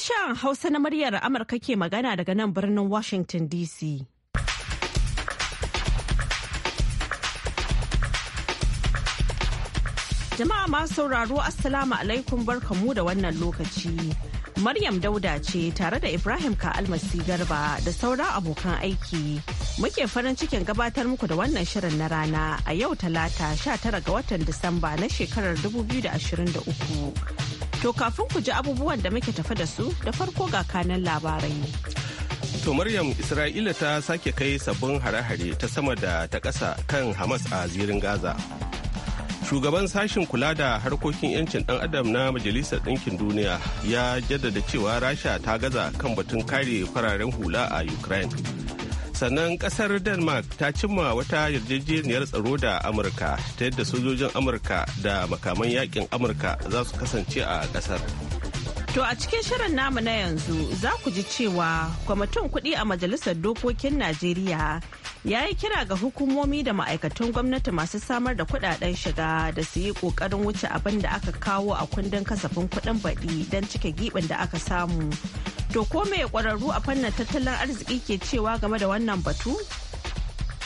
Sashen Hausa na muryar Amurka ke magana daga nan birnin Washington DC. Jama'a masu sauraro Assalamu alaikum mu da wannan lokaci. Maryam Dauda ce tare da Ibrahim Ka'almasi Garba da sauran abokan aiki. Muke farin cikin gabatar muku da wannan shirin na rana a yau talata 19 ga watan Disamba na shekarar 2023. To kafin ku ji abubuwan da muke tafa da su da farko ga kanan labarai. To Maryam Isra'ila ta sake kai sabbin hare-hare ta sama da ta ƙasa kan Hamas a zirin Gaza. Shugaban sashen kula da harkokin 'yancin ɗan adam na Majalisar Ɗinkin Duniya ya jaddada cewa Rasha ta gaza kan batun kare fararen hula a Ukraine. sannan kasar denmark ta cimma wata yarjejeniyar tsaro da amurka ta yadda sojojin amurka da makaman yakin amurka za su kasance a kasar to a cikin shirin namu na yanzu za ku ji cewa kwamitin kuɗi a majalisar dokokin najeriya ya yi kira ga hukumomi da ma'aikatan gwamnati masu samar da kudaden shiga da su yi kokarin wuce abin da aka kawo a kundin kasafin kudin baɗi don cike giɓin da aka samu to ko mai ƙwararru a fannin tattalin arziki ke cewa game da wannan batu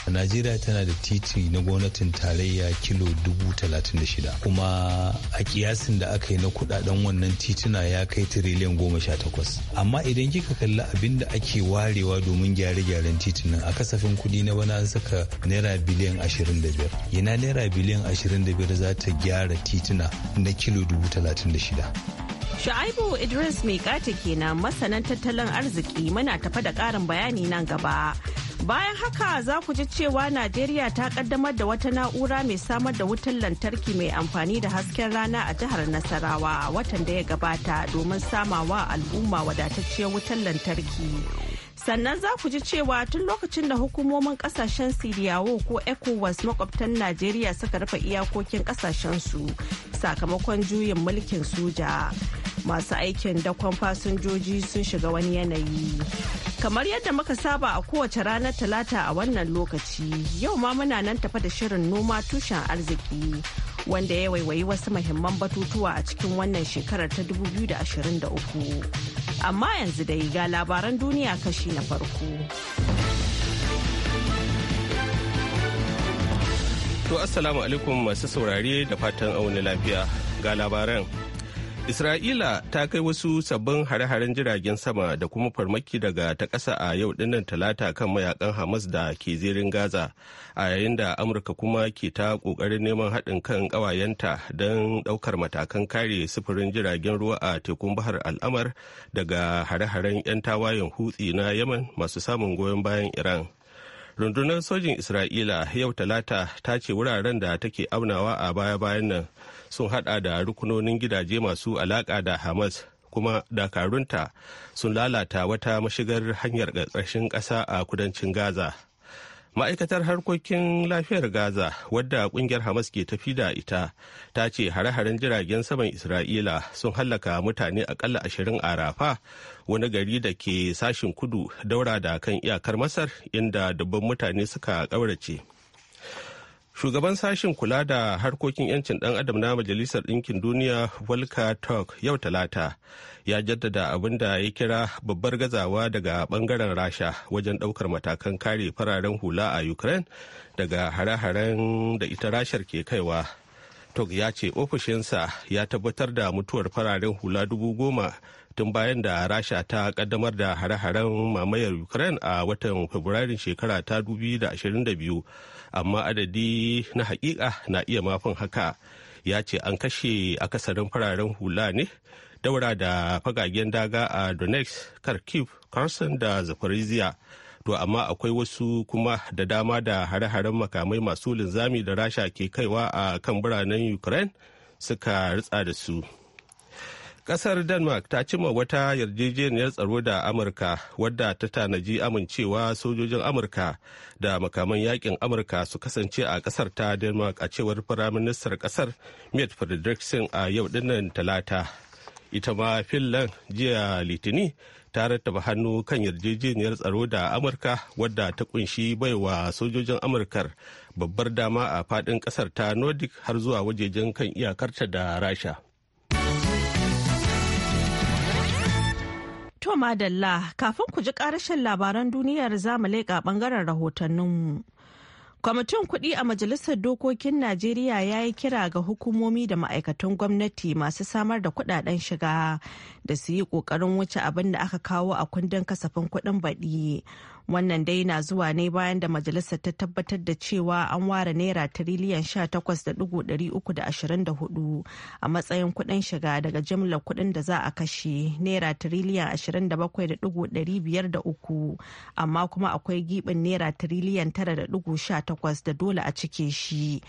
a najeriya tana da titi na gwamnatin tarayya kilo dubu talatin da shida kuma a kiyasin da aka yi na kudaden wannan tituna ya kai tiriliyan goma sha takwas amma idan kika kalli abin da ake warewa domin gyare-gyaren titunan a kasafin kudi na wani an saka naira biliyan ashirin da biyar yana naira biliyan ashirin da biyar za ta gyara tituna na kilo dubu talatin da shida Shu'aibu Idris mai kata kenan masanan tattalin arziki muna tafa da karin bayani nan gaba. Bayan haka za ku ji cewa Najeriya ta kaddamar da wata na'ura mai samar da wutar lantarki mai amfani da hasken rana a jihar Nasarawa watan da ya gabata domin samawa al'umma wadatacciyar wutar lantarki. Sannan za ku ji cewa tun lokacin da hukumomin kasashen Siriyawo ko ECOWAS makwabtan Najeriya suka rufe iyakokin kasashensu sakamakon juyin mulkin soja. masu aikin dakon fasinjoji sun shiga wani yanayi. Kamar yadda muka saba a kowace ranar talata a wannan lokaci, yau ma muna nan tafa da shirin noma tushen arziki wanda ya waiwayi wasu mahimman batutuwa a cikin wannan shekarar ta 2023. Amma yanzu dai ga labaran duniya kashi na farko. To Assalamu alaikum masu saurare da fatan auni lafiya ga labaran. Isra'ila ta kai wasu sabbin hare-haren jiragen sama da kuma farmaki daga ta ƙasa a yau dinnan talata kan mayakan Hamas da ke zirin Gaza a yayin da Amurka kuma ke ta ƙoƙarin neman haɗin kan ƙawayenta don ɗaukar matakan kare sufurin jiragen ruwa a tekun bahar al'amar daga hare-haren 'yan tawayen hutsi na Yaman masu samun goyon bayan Iran. Rundunar sojin Isra'ila yau talata ta ce wuraren da take aunawa a baya-bayan nan sun hada da rukunonin gidaje masu alaka da hamas kuma dakarunta sun lalata wata mashigar hanyar ƙarƙashin ƙasa a kudancin gaza ma'aikatar harkokin lafiyar gaza wadda kungiyar hamas ke tafi da ita ta ce hare-haren jiragen saman isra'ila sun hallaka mutane akalla ashirin a rafa wani gari da ke sashin kudu daura da kan iyakar masar inda dubban mutane suka ƙaurace. Shugaban sashen kula da harkokin 'yancin ɗan adam na Majalisar Ɗinkin Duniya Volker Talk, yau talata ya jaddada abin da ya kira babbar gazawa daga bangaren Rasha wajen ɗaukar matakan kare fararen hula a Ukraine daga hare-haren da ita Rashar ke kaiwa. tok ya ce ofishinsa ya tabbatar da mutuwar fararen hula dubu goma tun bayan da rasha ta kaddamar da hare-haren mamayar ukraine a watan fabrairun shekara ta 2022 amma adadi na haƙiƙa na iya mafin haka ya ce an kashe akasarin fararen hula ne daura da fagagen daga a donetsk kharkiv carson da zaporizhia to amma akwai wasu kuma da dama da hare-haren makamai masu linzami da rasha ke kaiwa a kan biranen ukraine suka ritsa da su. Kasar Denmark ta cima wata yarjejeniyar tsaro da Amurka wadda ta tanaji amincewa sojojin Amurka da makaman yakin Amurka su kasance a kasar ta Denmark a cewar Firaministar ƙasar Mitt Frederiksen a yau dinnan talata. Ita ma Finland jiya Litini ta rattaba hannu kan yarjejeniyar tsaro da Amurka wadda ta kunshi baiwa sojojin Amurkar babbar dama a faɗin kasar ta Nordic har zuwa wajejen kan iyakarta da Rasha. To madalla kafin ku ji karashin labaran duniyar zamu leƙa ɓangaren rahotanninmu. Kwamitin kuɗi a Majalisar Dokokin Najeriya ya yi kira ga hukumomi da ma'aikatan gwamnati masu samar da kuɗaɗen shiga da su yi ƙoƙarin wuce abin da aka kawo a kundin kasafin kuɗin baɗi Wannan dai na zuwa ne bayan da majalisar ta tabbatar da cewa an ware naira tiriliyan 18.324 a matsayin kuɗin shiga daga jimlar kuɗin da za a kashe naira tiriliyan 27.503 amma kuma akwai gibin naira tiriliyan 9.18 da dole a cike shi.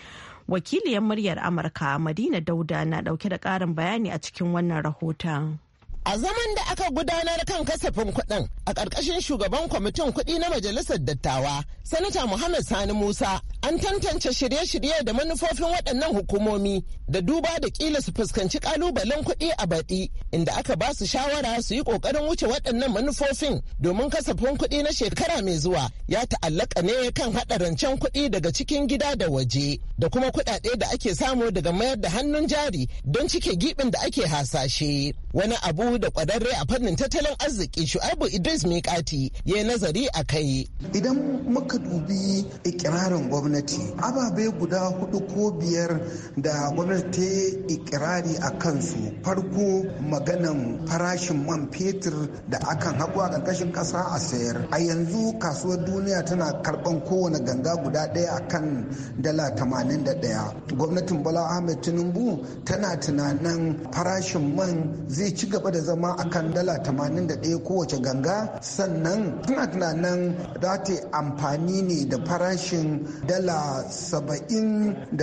Wakiliyar muryar Amurka Madina Dauda na ɗauke da ƙarin bayani a cikin wannan rahoton. A zaman da aka gudanar kan kasafin kuɗin a ƙarƙashin shugaban kwamitin kuɗi na Majalisar Dattawa, Sanata Muhammad Sani Musa, an tantance shirye-shirye da manufofin waɗannan hukumomi da duba da ƙila su fuskanci ƙalubalen kuɗi a baɗi, inda aka ba su shawara su yi ƙoƙarin wuce waɗannan manufofin domin kasafin kuɗi na shekara mai zuwa ya ta'allaka ne kan haɗa rancen kuɗi daga cikin gida da waje da kuma kuɗaɗe da ake samu daga mayar da hannun jari don cike giɓin da ake hasashe. Wani abu da kwadarre a fannin tattalin arziki Shu'aibu Idris Mikati ya nazari a kai. Idan muka dubi ikirarin gwamnati ababe guda hudu ko biyar da gwamnati ta ikirari a kansu farko maganan farashin man fetur da akan haƙo a ƙarƙashin ƙasa a sayar. A yanzu kasuwar duniya tana karɓan kowane ganga guda ɗaya a kan dala tamanin da ɗaya. Gwamnatin Bala Ahmed Tinubu tana tunanin farashin man zai ci gaba da zama akan dala 81 kowace ganga sannan tana tunanin za ta yi amfani ne da farashin dala 79.7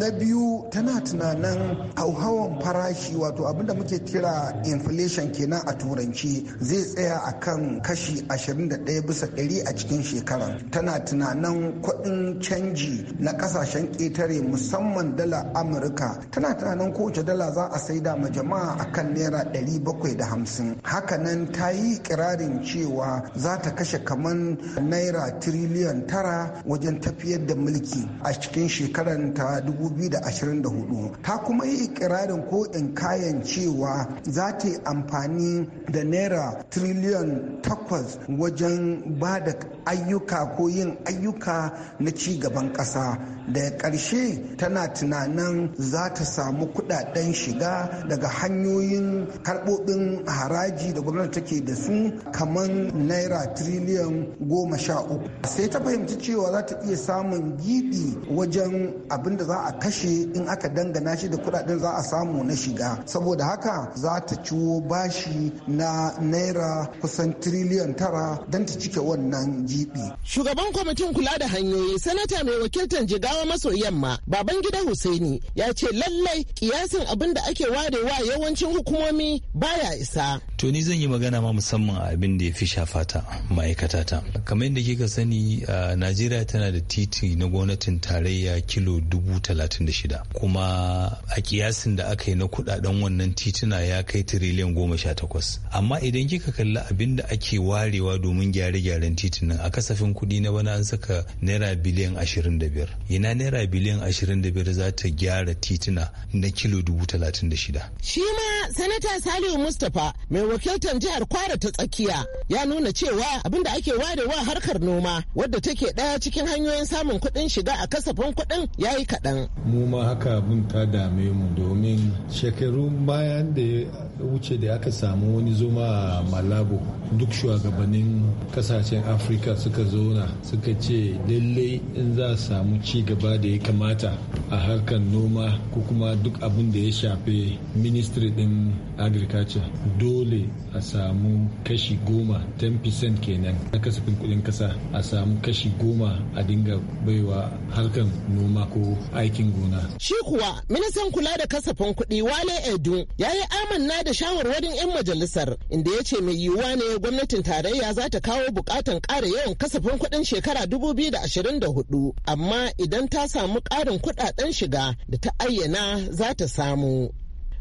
na biyu tana tunanin hauhawan farashi wato abin da muke kira inflation kenan a turanci zai tsaya a kan kashi 21 bisa 100 a cikin shekarar tana tunanin kuɗin canji na kasashen ƙetare musamman dala amurka tana tunanin kowace dala za a saida ma jama'a a akan naira 750 hakanan ta yi kirarin cewa za ta kashe kaman naira tiriliyan tara wajen tafiyar da mulki a cikin shekarar ta 2024 ta kuma yi ikirarin ko in kayan cewa za ta yi amfani da naira tiriliyan takwas wajen ba da ayyuka ko yin ayyuka na ci gaban ƙasa da ƙarshe tana tunanin za ta samu kudaden shiga daga hanyoyin karɓoɓin haraji da gwamnati take da su kamar naira tiriliyan goma sha uku sai ta fahimci cewa za ta iya samun giɓi wajen abin da za a kashe in aka dangana shi da kuɗaɗen za a samu na shiga saboda haka za ta ciwo bashi na naira kusan tiriliyan tara don ta cike wannan giɓi shugaban kwamitin kula da hanyoyi sanata mai wakiltar jigawa maso yamma baban babangida husaini ya ce lallai kiyasin abin da ake warewa yawancin hukumomi baya isa to ni zan yi magana ma musamman a abin da ya fi shafata ta ma'aikata ta kamar yadda kika sani a najeriya tana da titi na gwamnatin tarayya kilo dubu talatin da shida kuma a kiyasin da aka yi na kudaden wannan tituna ya kai tiriliyan goma sha takwas amma idan kika kalli abin da ake warewa domin gyare-gyaren titunan a kasafin kuɗi na bana an saka naira biliyan ashirin da biyar ina naira biliyan ashirin da biyar za ta gyara tituna na kilo dubu talatin da shida. shi ma sanata salihu mustapha mai wakiltar jihar Kwara ta tsakiya ya nuna cewa abin da ake warewa harkar noma wadda take daya cikin hanyoyin samun kuɗin shiga a kasafin kuɗin ya yi kaɗan. Mu ma haka abin ta dame mu domin shekaru bayan da ya wuce da aka samu wani zoma a Malabo duk shugabannin kasashen Afirka suka zauna suka ce lallai in za a samu ci gaba da ya kamata a harkar noma ko kuma duk abin da ya shafe ministry din agriculture dole dole a samu kashi goma 10% kenan na kasafin kudin kasa a samu kashi goma a dinga baiwa harkar noma ko aikin gona. Shi kuwa ministan kula da kasafin kudi Wale Edu ya yi amanna da shawarwarin 'yan majalisar inda ya ce mai yiwuwa ne gwamnatin tarayya za ta kawo bukatan kara yawan kasafin kudin shekara dubu da 2024 amma idan ta samu ƙarin kuɗaɗen shiga da ta ayyana za ta samu.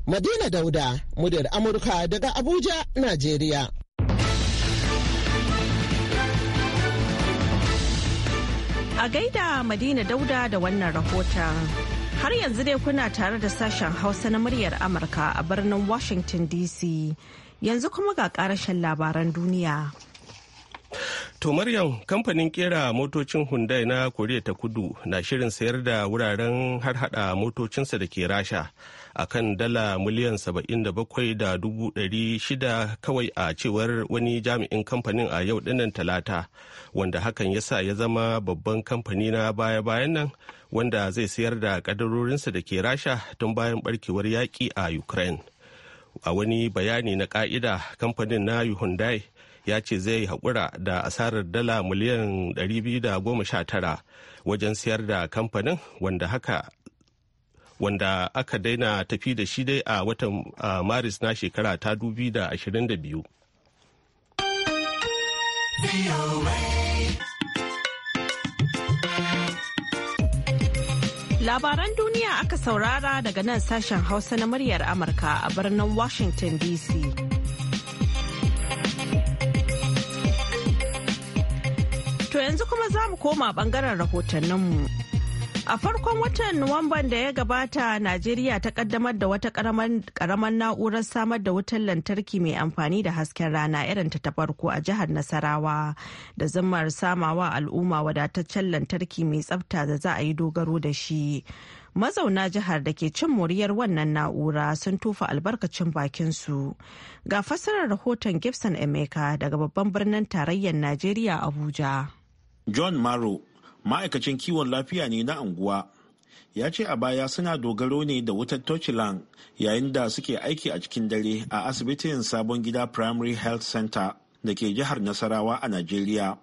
Madina Dauda, muryar Amurka daga Abuja, Najeriya. A gaida Madina Dauda da wannan rahoton. Har yanzu dai kuna tare da sashen Hausa na muryar Amurka a birnin Washington DC. Yanzu kuma ga karashen labaran duniya. To Maryam kamfanin kera motocin Hyundai na Koriya ta kudu na shirin sayar da wuraren harhaɗa motocinsa da ke rasha a kan dala miliyan 77,600 da dubu kawai a cewar wani jami'in kamfanin a yau dinnan talata wanda hakan ya sa ya zama babban kamfani na baya-bayan nan wanda zai sayar da kadarorinsa da ke rasha tun bayan barkewar yaƙi a Ukraine. A wani bayani na ƙa'ida kamfanin na Hyundai ya ce zai haƙura da asarar dala miliyan 219 wajen siyar da kamfanin wanda haka wanda aka daina tafi da shi dai a watan maris na shekara ta 2022 Labaran duniya aka saurara daga nan sashen Hausa na muryar Amurka a birnin Washington DC. To yanzu kuma za mu koma bangaren rahotanninmu. A farkon watan Nuwamban da ya gabata, Najeriya ta kaddamar da wata karamar na'urar samar da wutar lantarki mai amfani da hasken rana irin ta ta farko a jihar Nasarawa da zimmar samawa al'umma wadataccen lantarki mai tsafta da za a yi dogaro da shi. Mazauna jihar da ke cin moriyar wannan na'ura sun tofa albarkacin bakinsu. Ga fassarar rahoton Gibson Emeka daga babban birnin tarayyar Najeriya Abuja. john maro ma'aikacin kiwon lafiya ne na unguwa ya ce a baya suna dogaro ne da wutar Tochilan yayin da suke aiki a cikin dare a asibitin sabon gida primary health center da ke jihar nasarawa a najeriya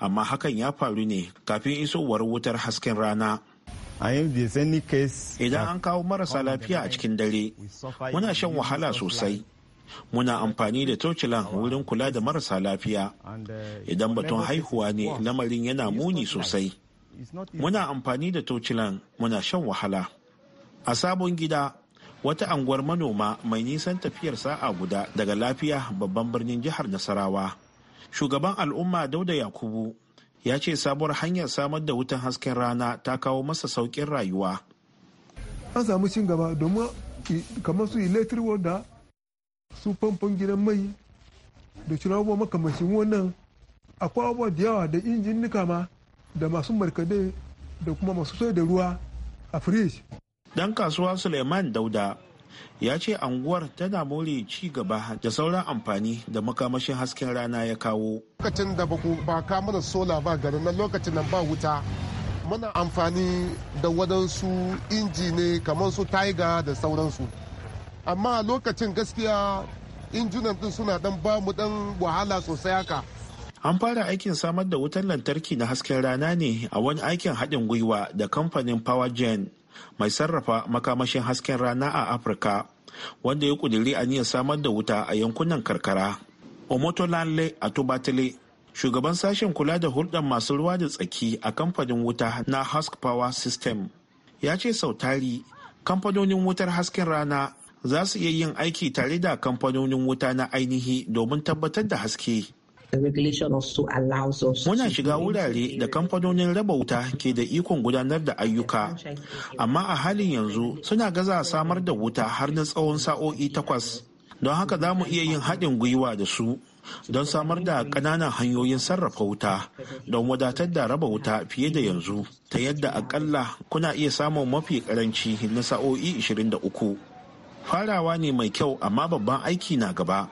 amma hakan ya faru ne kafin isowar wutar hasken rana idan an kawo marasa lafiya a cikin dare muna shan wahala sosai muna amfani da tocilan wurin kula da marasa lafiya idan batun haihuwa ne lamarin yana muni sosai muna amfani da tocilan muna shan wahala a sabon gida wata anguwar manoma mai nisan tafiyar sa'a guda daga lafiya babban birnin jihar nasarawa shugaban al'umma dauda yakubu ya ce sabuwar hanyar samar da wutan hasken rana ta kawo masa saukin rayuwa an samu cin gaba domin kamar su electric su famfon gidan mai da cin abubuwa makamashin wannan akwai abubuwa da yawa da injin nika ma da masu markade da kuma masu sai da ruwa a firij. dan kasuwa suleiman dauda ya ce anguwar tana more ci gaba da sauran amfani da makamashin hasken rana ya kawo lokacin da ba kama da sola ba garin nan lokacin nan ba wuta muna amfani da wadansu inji ne kamar su taiga da sauransu amma a lokacin gaskiya injunan din suna dan ba mu dan wahala sosai haka an fara aikin samar da wutar lantarki na hasken rana ne a wani aikin haɗin gwiwa da kamfanin powergen mai sarrafa makamashin hasken rana a afirka wanda ya ƙudiri a aniyar samar da wuta a yankunan karkara omotolanle a atubatile shugaban sashen kula da hulɗar masu ruwa da tsaki a kamfanin wuta na husk power system ya ce sautari kamfanonin wutar hasken rana za su iya yin aiki tare da kamfanonin wuta na ainihi domin tabbatar da haske. Muna shiga wurare da kamfanonin raba wuta ke da ikon gudanar da ayyuka, amma a halin yanzu suna gaza samar da wuta har na tsawon sa'o'i takwas. Don haka za mu iya yin haɗin gwiwa da su don samar da ƙananan hanyoyin sarrafa wuta don wadatar da raba wuta fiye da yanzu ta yadda aƙalla kuna iya samun mafi ƙaranci na sa'o'i 23. farawa ne mai kyau amma babban aiki na gaba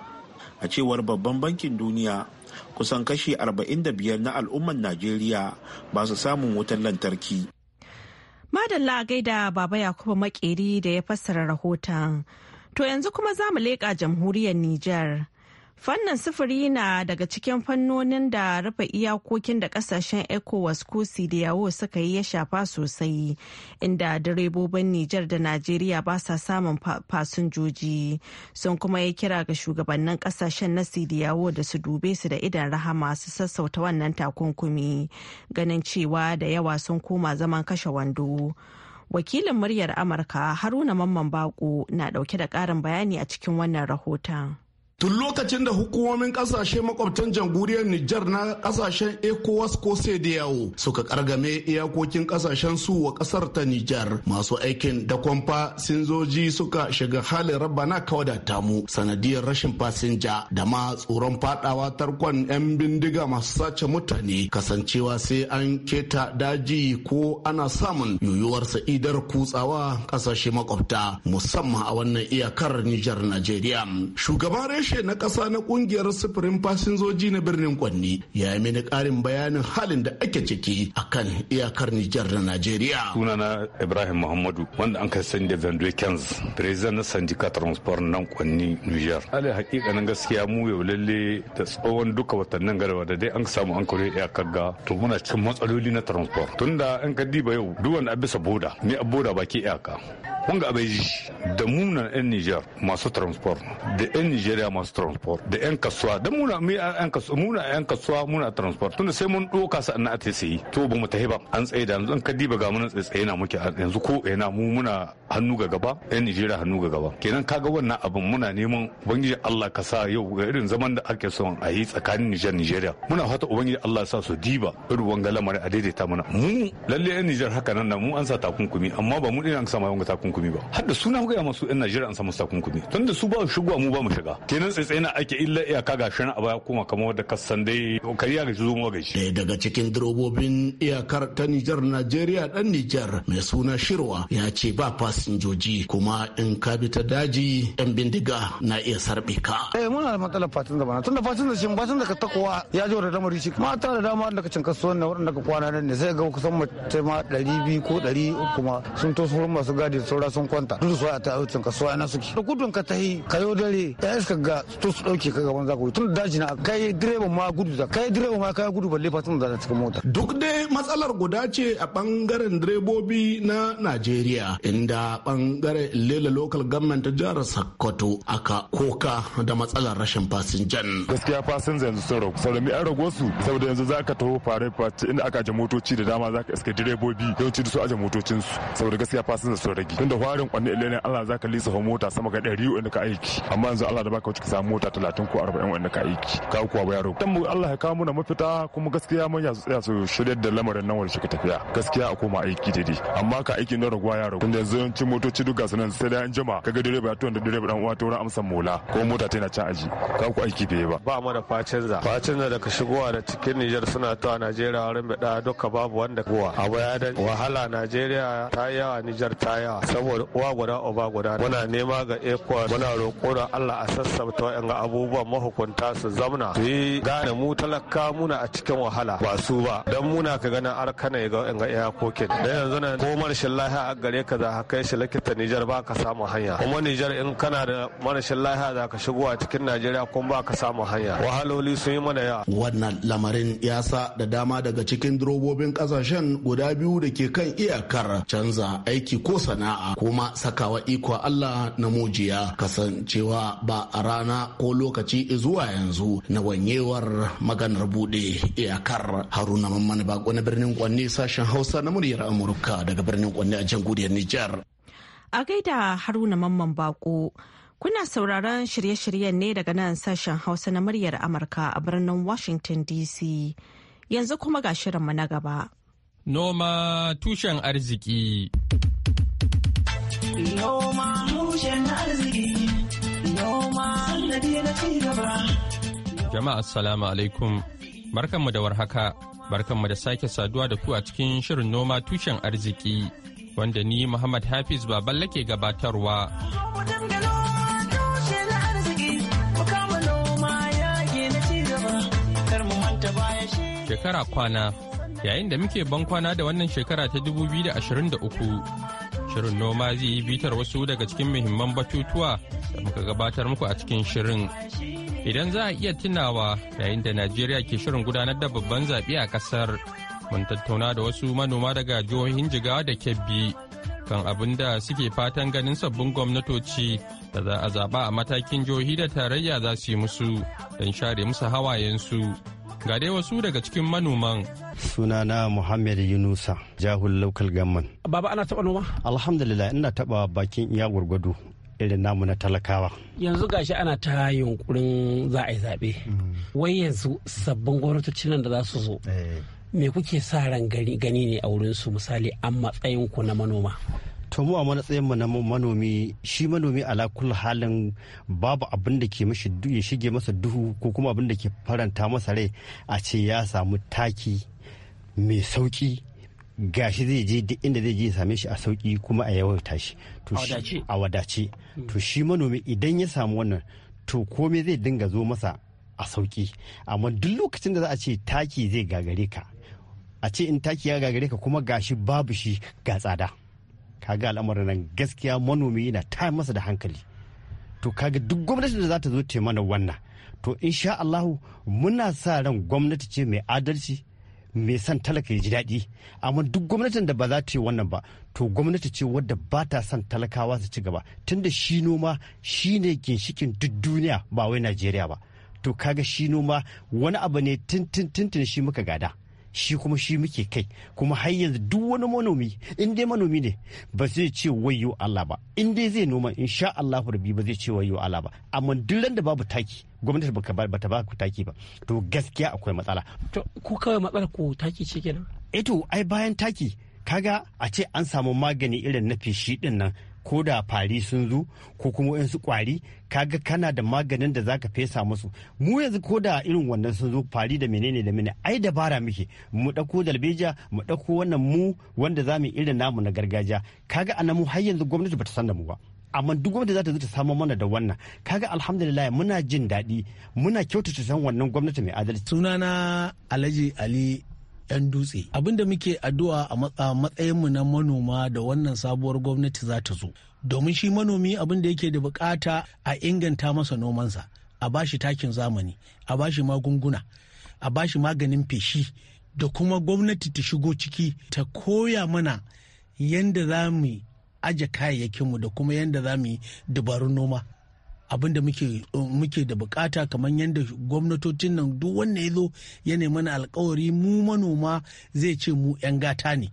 a cewar babban bankin duniya kusan kashi 45 na al'ummar najeriya ba su samun wutar lantarki madalla gaida baba yakubu makeri da ya fassara rahoton to yanzu kuma za mu leƙa jamhuriyar niger Fannin sufuri na daga cikin fannonin da rufe iyakokin da kasashen ECOWAS ko CDAO suka yi ya shafa sosai, inda direbobin Nijar da Najeriya ba sa samun fasinjoji. Sun kuma yi kira ga shugabannin kasashen na CDAO da su dube su da idan rahama su sassauta wannan takunkumi, ganin cewa da yawa sun koma zaman kashe wando. Wakilin muryar Amurka Haruna Mamman Bako na ɗauke da ƙarin bayani a cikin wannan rahoton. Tun lokacin da hukumomin kasashe makwabtan jamhuriyar Nijar na kasashen ECOWAS ko yawo suka kargame iyakokin kasashen su wa kasar ta Nijar masu aikin da kwamfa sinzoji suka shiga halin rabana kawada tamu sanadiyar rashin fasinja da ma tsoron fadawa tarkon 'yan bindiga masu sace mutane kasancewa sai an keta daji ko ana samun yiwuwar sa'idar kutsawa kasashe makwabta musamman a wannan iyakar Nijar Najeriya. Shugaban reshe na ƙasa na ƙungiyar sufurin fasinzoji na birnin Kwanni ya yi mini ƙarin bayanin halin da ake ciki a kan iyakar Nijar da Najeriya. Sunana Ibrahim Muhammadu wanda an kai sani da Vendue Kenz, President na ka Transport nan Kwanni Nijar. Ali hakikanin gaskiya mu yau lalle da tsawon duka watannin garba da dai an samu an kore iyakar ga to muna cikin matsaloli na transport. Tunda an ka diba yau duk abisa boda ni a boda baki iyaka. wanga abai ji da munan 'yan Nijar masu transport da 'yan Nijeriya masu transport da 'yan kasuwa da muna muna 'yan kasuwa muna transport tunda sai mun doka sa na ta sayi to bamu ta tahi ba an tsaye da yanzu an ba ga mun tsaye na muke yanzu ko ina mu muna hannu ga gaba 'yan Nijeriya hannu ga gaba kenan kaga wannan abin muna neman ubangiji Allah ka sa yau ga irin zaman da ake son a yi tsakanin Nijar Nijeriya muna fata ubangiji Allah sa su diba irin wanga lamarin a daidaita mana mu lalle 'yan Nijar haka nan mu an sa takunkumi amma ba mu ɗin an sa ma wanga takunkumi takunkumi ba har da suna gaya masu yan najeriya an samu takunkumi tun da su ba su shigowa mu ba mu shiga kenan tsaitsaye na ake illa iyaka ga shirin a baya kuma kamar wadda kasan dai kariya ga zuwa ga shi daga cikin durobobin iyakar ta nijar najeriya dan nijar mai suna shirwa ya ce ba fasinjoji kuma in ka bi ta daji yan bindiga na iya sarbe ka eh muna da matsalar fatin da bana tun da fatin da shi fatin da ka takowa ya ji wadda lamari shi ta da dama wanda ka cinka kasuwan nan wanda ka kwana nan ne sai ga kusan mace ma 200 ko 300 kuma sun to sauran masu gadi sauran kura sun kwanta duk su ta yi ka suwa na suke da gudun ka tahi ka yau dare ya iska ga to su dauke ka gaban zakuri tun daji na kai direban ma gudu da kai direban ma kai gudu balle fatin da cikin mota duk dai matsalar guda ce a bangaren direbobi na Najeriya inda bangare Lela Local Government ta jihar Sokoto aka koka da matsalar rashin fasinjan gaskiya fasinjan yanzu sun ragu saboda mai an rago su saboda yanzu za ka taho fare fare inda aka aje motoci da dama za ka iska direbobi yawanci da su aje motocin su saboda gaskiya fasinja sun rage tun da farin kwanne ililin Allah za ka lissafa mota sama ga ɗari wanda ka aiki amma yanzu Allah da baka wuce ka samu mota talatin ko arba'in wanda ka aiki ka kuwa ba yaro dan mu Allah ya kawo mana mafita kuma gaskiya mun ya tsaya su shirya da lamarin nan wanda suka tafiya gaskiya a koma aiki daidai amma ka aiki na raguwa yaro tun da yanzu yawancin motoci duk gasu nan sai da an jima kaga direba ya tuwon da direba dan uwa ta wurin amsan mola ko mota tana can aji ka ku aiki bai ba ba mu da facin za facin facenza daga shigowa da cikin Niger suna tawa Najeriya wurin bada duka babu wanda kowa a baya wahala Najeriya ta yawa Niger ta yawa saboda uwa guda uba guda muna nema ga ecuador muna roƙo da allah a sassabta wa'yan abubuwan mahukunta su zamna su yi gane mu talaka muna a cikin wahala ba su ba don muna ka ganin arkana ga wa'yan iyakokin da yanzu nan ko marashin lahiya a gare ka za ka kai shi likita nijar ba ka samu hanya kuma nijar in kana da marshin lahiya za ka shigo a cikin najeriya kun ba ka samu hanya wahaloli sun yi mana yawa wannan lamarin ya sa da dama daga cikin durobobin kasashen guda biyu da ke kan iyakar canza aiki ko sana'a kuma sakawa iko Allah na mujiya kasancewa ba a rana ko lokaci zuwa yanzu na wanyewar maganar bude iyakar haruna mamman bako na birnin kwanne sashen hausa na muryar amurka daga birnin kwanne a gudiyar nijar a gaida haruna mamman bako kuna sauraron shirye-shiryen ne daga nan sashen hausa na muryar amurka a birnin washington dc yanzu kuma ga shirinmu na gaba noma tushen arziki Noma arziki, noma na cigaba. Jama'a salamu alaikum, barkanmu da warhaka, barkanmu da sake saduwa da ku a cikin shirin noma tushen arziki wanda ni Muhammad Hafiz Baballe ke gabatarwa. Shekara kwana yayin da muke ban kwana da wannan shekara ta 2023 Shirin noma zai yi bitar wasu daga cikin muhimman batutuwa da muka gabatar muku a cikin shirin. Idan za a iya tunawa yayin da Najeriya ke shirin gudanar da babban zaɓe a ƙasar, mun tattauna da wasu manoma daga jihohin Jigawa da Kebbi kan abin da suke fatan ganin sabbin gwamnatoci da za a zaɓa a matakin jihohi da tarayya za su yi musu don share musu hawayensu. Ga dai wasu daga cikin manoman. Sunana Muhammad Yunusa, jahul local gamman. Baba ana taɓa noma? Alhamdulillah ina taɓa bakin iya gwargwado irin namu na talakawa. Yanzu gashi ana ta yunkurin za a yi zaɓe. Mm. Wai yanzu sabbin gwamnatocin nan da za su zo. Eh. Me kuke sa ran gani ne a wurin su misali an matsayin ku na manoma? to mu a mu na manomi shi manomi ala kulli halin babu abin da ke mishi ya shige masa duhu ko kuma abin da ke faranta masa rai a ce ya samu taki mai sauki gashi zai je duk inda zai je ya same shi a sauki kuma a yawan tashi a wadace hmm. to shi manomi idan ya samu wannan to komai zai dinga zo masa a sauki amma duk lokacin da za a ce taki zai gagare ka a ce in taki ya gagare ka kuma gashi babu shi ga tsada kaga al'amarin nan gaskiya manomi yana ta masa da hankali to kaga duk gwamnatin da za ta zo ce mana wannan to insha Allahu muna sa ran gwamnati ce mai adalci mai son talaka ya ji daɗi amma duk gwamnatin da ba za ta yi wannan ba to gwamnati ce wadda ba ta son talakawa su ci gaba tunda shi noma shi ne ginshikin duk duniya ba wai najeriya ba to kaga shi noma wani abu ne tintin tintin shi muka gada shi kuma shi muke kai kuma har yanzu duk wani manomi in dai manomi ne ba zai ce wayo Allah ba in dai zai noma in sha Allah rabbi ba zai ce wayo Allah ba amma duk da babu taki gwamnati ba ta ba ku taki ba to gaskiya akwai matsala to ku kawai matsalar ku taki ce kenan eh to ai bayan taki kaga a ce an samu magani irin na feshi din nan ko da fari sun zo ko kuma su kwari kaga kana da maganin da zaka fesa musu mu yanzu ko da irin wannan sun zo fari da menene da menene ai dabara muke mu dauko dalbeja mu dauko wannan mu wanda zamu irin namu na gargajiya kaga anan mu har yanzu gwamnati bata san da mu ba amma duk gwamnati za ta zo ta samo mana da wannan kaga alhamdulillah muna jin daɗi muna kyautata san wannan gwamnati mai adalci sunana alhaji ali 'yan dutse abinda muke addu'a a matsayinmu na manoma da wannan sabuwar gwamnati za ta zo domin shi manomi abin da yake da bukata a inganta masa nomansa a bashi takin zamani a bashi magunguna a bashi maganin feshi da kuma gwamnati ta shigo ciki ta koya mana yadda za mu aje kayayyakinmu da kuma yadda za mu yi dabarun noma abin da muke da bukata kamar yadda gwamnatocin nan duk wanda ya zo ya nemi alkawari mu manoma zai ce mu 'yan gata ne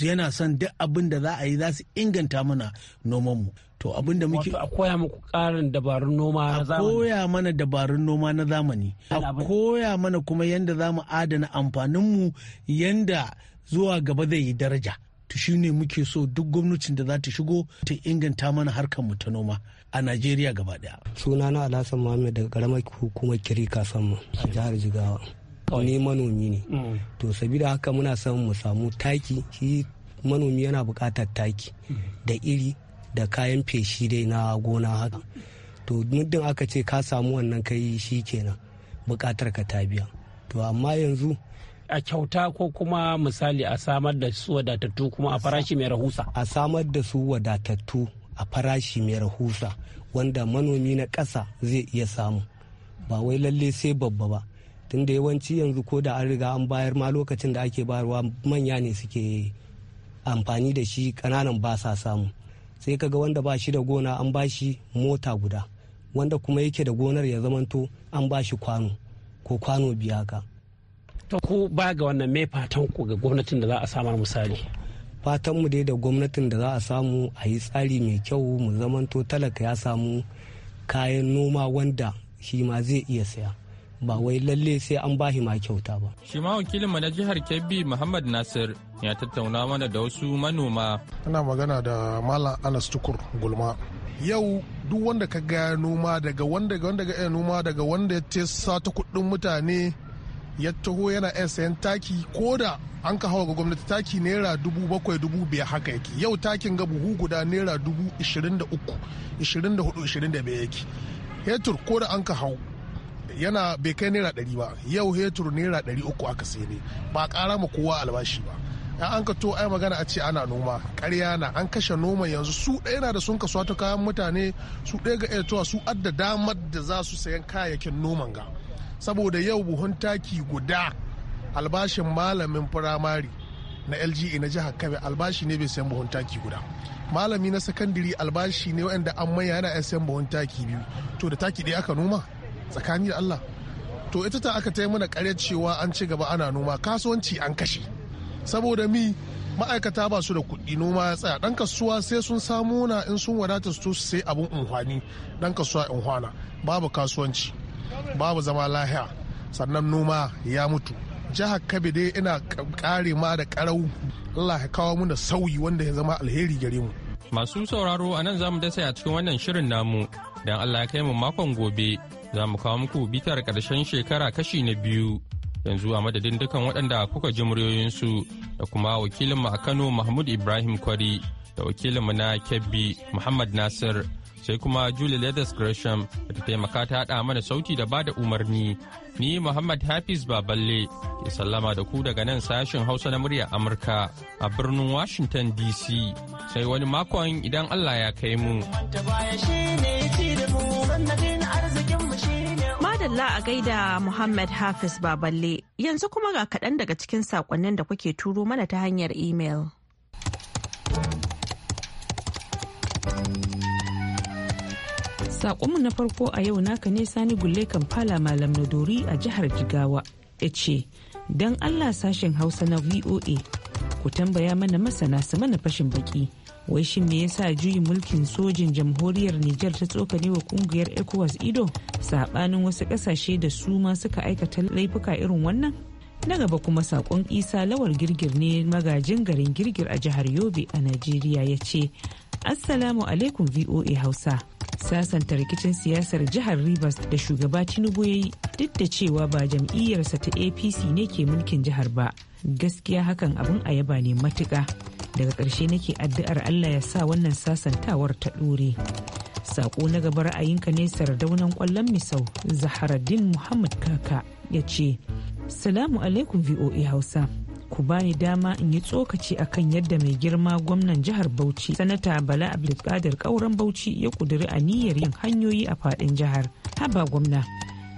yana son duk abin da za a yi za su inganta mana nomanmu to abin da muke a koya muku karin dabarun noma na zamani a koya mana dabarun noma na zamani a koya mana kuma yadda za mu adana amfaninmu yadda zuwa gaba zai yi daraja to shi ne muke so duk gwamnatin da za ta shigo ta inganta mana harkar mu ta noma a najeriya gaba daya na alhassan muhammad daga karamar hukumar kiri mu a jihar jigawa ne manomi ne mm. to sabida haka muna son mu samu taki shi manomi yana buƙatar taki da iri da kayan feshi dai na gona haka to muddin aka ce ka samu wannan kai shi kenan buƙatar ka ta biya to amma yanzu a kyauta ko kuma misali a samar da su wadatattu kuma a farashi mai rahusa a samar da su wadatattu a farashi mai rahusa wanda manomi na ƙasa zai iya samu ba wai lalle sai babba ba tunda yawanci yanzu ko da an riga an bayar ma lokacin da ake bayarwa manya ne suke amfani da shi kananan ba sa samu sai kaga wanda ba shi da gona an ba shi mota guda wanda kuma yake da gonar ya zamanto an ba shi kwano ko kwano biya ka to ku ba ga wannan me fatan ku ga gwamnatin da za a samar misali fatan mu dai da gwamnatin da za a samu a yi tsari mai kyau mu zamanto talaka ya samu kayan noma wanda shi ma zai iya saya ba wai lalle sai an shi ma kyauta ba. Shi ma wakilinmu na jihar Kebbi Muhammad Nasir ya tattauna mana da wasu manoma. Ana magana da Malam Anas Tukur Gulma. Yau duk wanda ka ga noma daga wanda wanda ga noma daga wanda ya ce ta kuɗin mutane ya taho yana iya sayan taki ko da an ka hawa ga gwamnati taki naira dubu bakwai dubu biyar haka yake yau takin ga buhu guda naira dubu ishirin da uku ishirin da hudu ishirin da biyar yake hetur ko da an ka hau yana bai kai naira ɗari ba yau hetur naira ɗari uku aka sai ne ba ƙara ma kowa albashi ba ya an ka to ai magana a ce ana noma ƙarya na an kashe noma yanzu su ɗaya na da sun kasuwa ta kayan mutane su ɗaya ga iya su adda damar da za su sayan kayayyakin noman ga saboda yau buhun taki guda albashin malamin firamare na lga na jihar kabe albashi ne bai sayan buhun taki guda malami na sakandiri albashi ne wa'anda an maya yana yan sayan buhun taki biyu to da taki ɗaya aka noma tsakani da allah to ita ta aka taya mana ƙarya cewa an ci gaba ana noma kasuwanci an kashe saboda mi ma'aikata ba su da kuɗi noma ya tsaya ɗan kasuwa sai sun samu na in sun wadata su sai abin unhwani ɗan kasuwa unhwana babu kasuwanci babu zama lahiya sannan noma ya mutu jihar kabide dai ina kare ma da karau allah ya kawo mun da sauyi wanda ya zama alheri gare mu masu sauraro a nan zamu dasa a cikin wannan shirin namu dan allah ya kai mu makon gobe za mu kawo muku bitar karshen shekara kashi na biyu yanzu a madadin dukan waɗanda kuka ji muryoyinsu da kuma wakilinmu a kano mahmud ibrahim kwari da wakilinmu na kebbi muhammad nasir sai kuma Julie Leathers Gresham da ta taimaka ta haɗa mana sauti da bada umarni. Ni Muhammad Hafiz Baballe ke sallama da ku daga nan sashen Hausa na muryar Amurka a birnin Washington DC. Sai wani makon idan Allah ya kai mu. Madalla a gaida Muhammad Hafiz Baballe yanzu kuma ga kaɗan daga cikin saƙonnin da kuke turo mana ta hanyar imel. Sakonmu na farko a yau naka ne Sani Gulle Kamfala Malam Nadori a jihar Jigawa ya ce, Don Allah sashen Hausa na VOA, ku tambaya mana masana su mana fashin baki. Wai shi me yasa juyin mulkin sojin jamhuriyar Nijar ta tsokane wa kungiyar ECOWAS ido sabanin wasu kasashe da su ma suka aikata laifuka irin wannan? Na gaba kuma sakon isa lawar girgir ne magajin garin girgir a jihar Yobe a Najeriya ya ce, Assalamu alaikum VOA Hausa. sasanta rikicin siyasar jihar Rivers da shugaba Tinubu ya yi duk da cewa ba jam'iyyarsa ta APC ne ke mulkin jihar ba. Gaskiya hakan abin a yaba ne matuƙa. Daga ƙarshe nake addu'ar Allah ya sa wannan sasantawar ta ɗore. saƙo na gaba ra'ayinka ne sardaunan ƙwallon misau Zaharaddin Muhammad Kaka ya ce, Salamu alaikum VOA Hausa. ku bani dama in yi tsokaci akan yadda mai girma gwamnan jihar Bauchi sanata Bala Abdulkadir Kauran Bauchi ya kuduri aniyar yin hanyoyi a fadin jihar. Haba gwamna,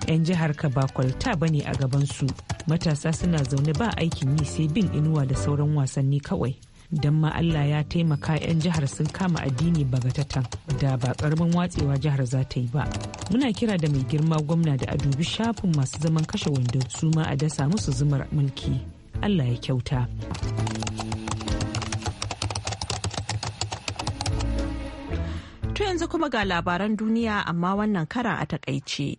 'yan jihar ka ba kwalta bane a gaban su. Matasa suna zaune ba aikin yi sai bin inuwa da sauran wasanni kawai. don ma Allah ya taimaka 'yan jihar sun kama addini bagatatan da ba karamin watsewa jihar za ta yi ba. Muna kira da mai girma gwamna da a dubi shafin masu zaman kashe wando su ma a dasa musu zumar mulki. Allah ya kyauta. To yanzu kuma ga labaran duniya amma wannan kara a takaice.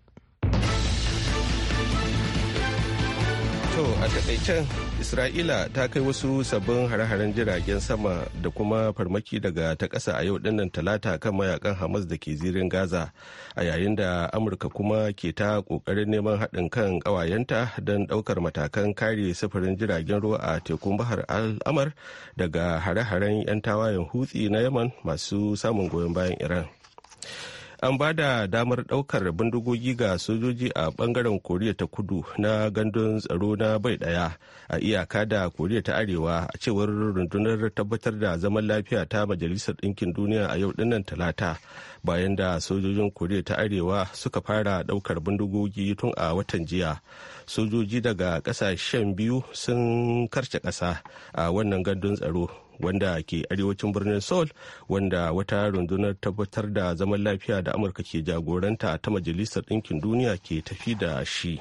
To a takaicen Isra'ila ta kai wasu sabbin hare-haren jiragen sama da kuma farmaki daga ta ƙasa a yau dinnan talata kan mayakan Hamas da ke zirin Gaza a yayin da Amurka kuma ke ta ƙoƙarin neman haɗin kan ƙawayenta don ɗaukar matakan kare sufurin jiragen ruwa a tekun Bahar Al'amar daga hare-haren 'yan tawayen Hutsi na Yaman masu samun goyon bayan Iran. an ba da damar ɗaukar bindigogi ga sojoji a bangaren koriya ta kudu na gandun tsaro na bai ɗaya a iyaka da koriya ta arewa a cewar rundunar tabbatar da zaman lafiya ta majalisar ɗinkin duniya a yau dinnan talata bayan da sojojin koriya ta arewa suka fara ɗaukar bindigogi tun a watan jiya sojoji daga ƙasashen biyu sun karce ƙasa a wannan gandun tsaro wanda ke arewacin birnin seoul wanda wata rundunar tabbatar da zaman lafiya da amurka ke jagoranta ta majalisar ɗinkin duniya ke tafi da shi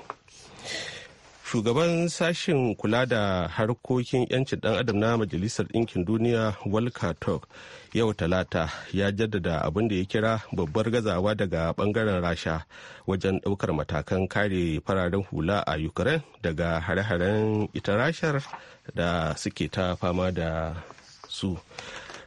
shugaban sashen kula da harkokin 'yancin dan adam na majalisar ɗinkin duniya walker talk yau talata ya jaddada abin da ya kira babbar gazawa daga bangaren rasha wajen ɗaukar matakan kare fararen hula a ukraine daga hare-haren ita rashar da suke ta fama da su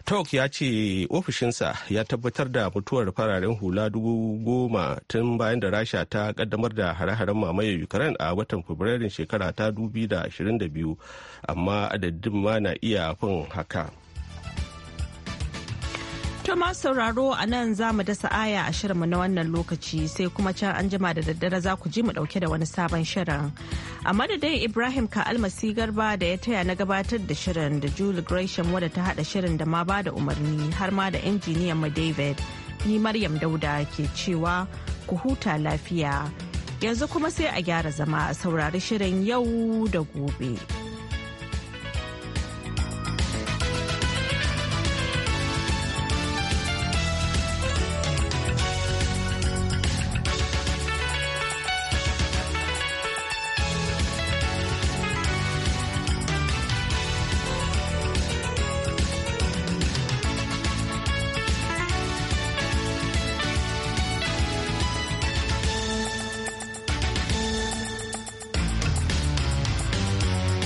Tauk ya ce ofishinsa ya tabbatar da mutuwar fararen hula dubu goma tun bayan da rasha ta kaddamar da hare-haren mamaye ukraine a watan fabrairun shekara ta 2022 amma adadin ma na iya fin haka ma sauraro a nan za mu dasa aya a shirinmu na wannan lokaci sai kuma can an jima da daddare za ku ji mu dauke da wani sabon shirin. a madadin ibrahim ka'almasi garba da ya taya na gabatar da shirin da julie gresham wadda ta hada shirin da ma ba da umarni har ma da injiniyan mu david ni maryam dauda ke cewa ku huta lafiya yanzu kuma sai a gyara zama a saurari shirin yau da gobe.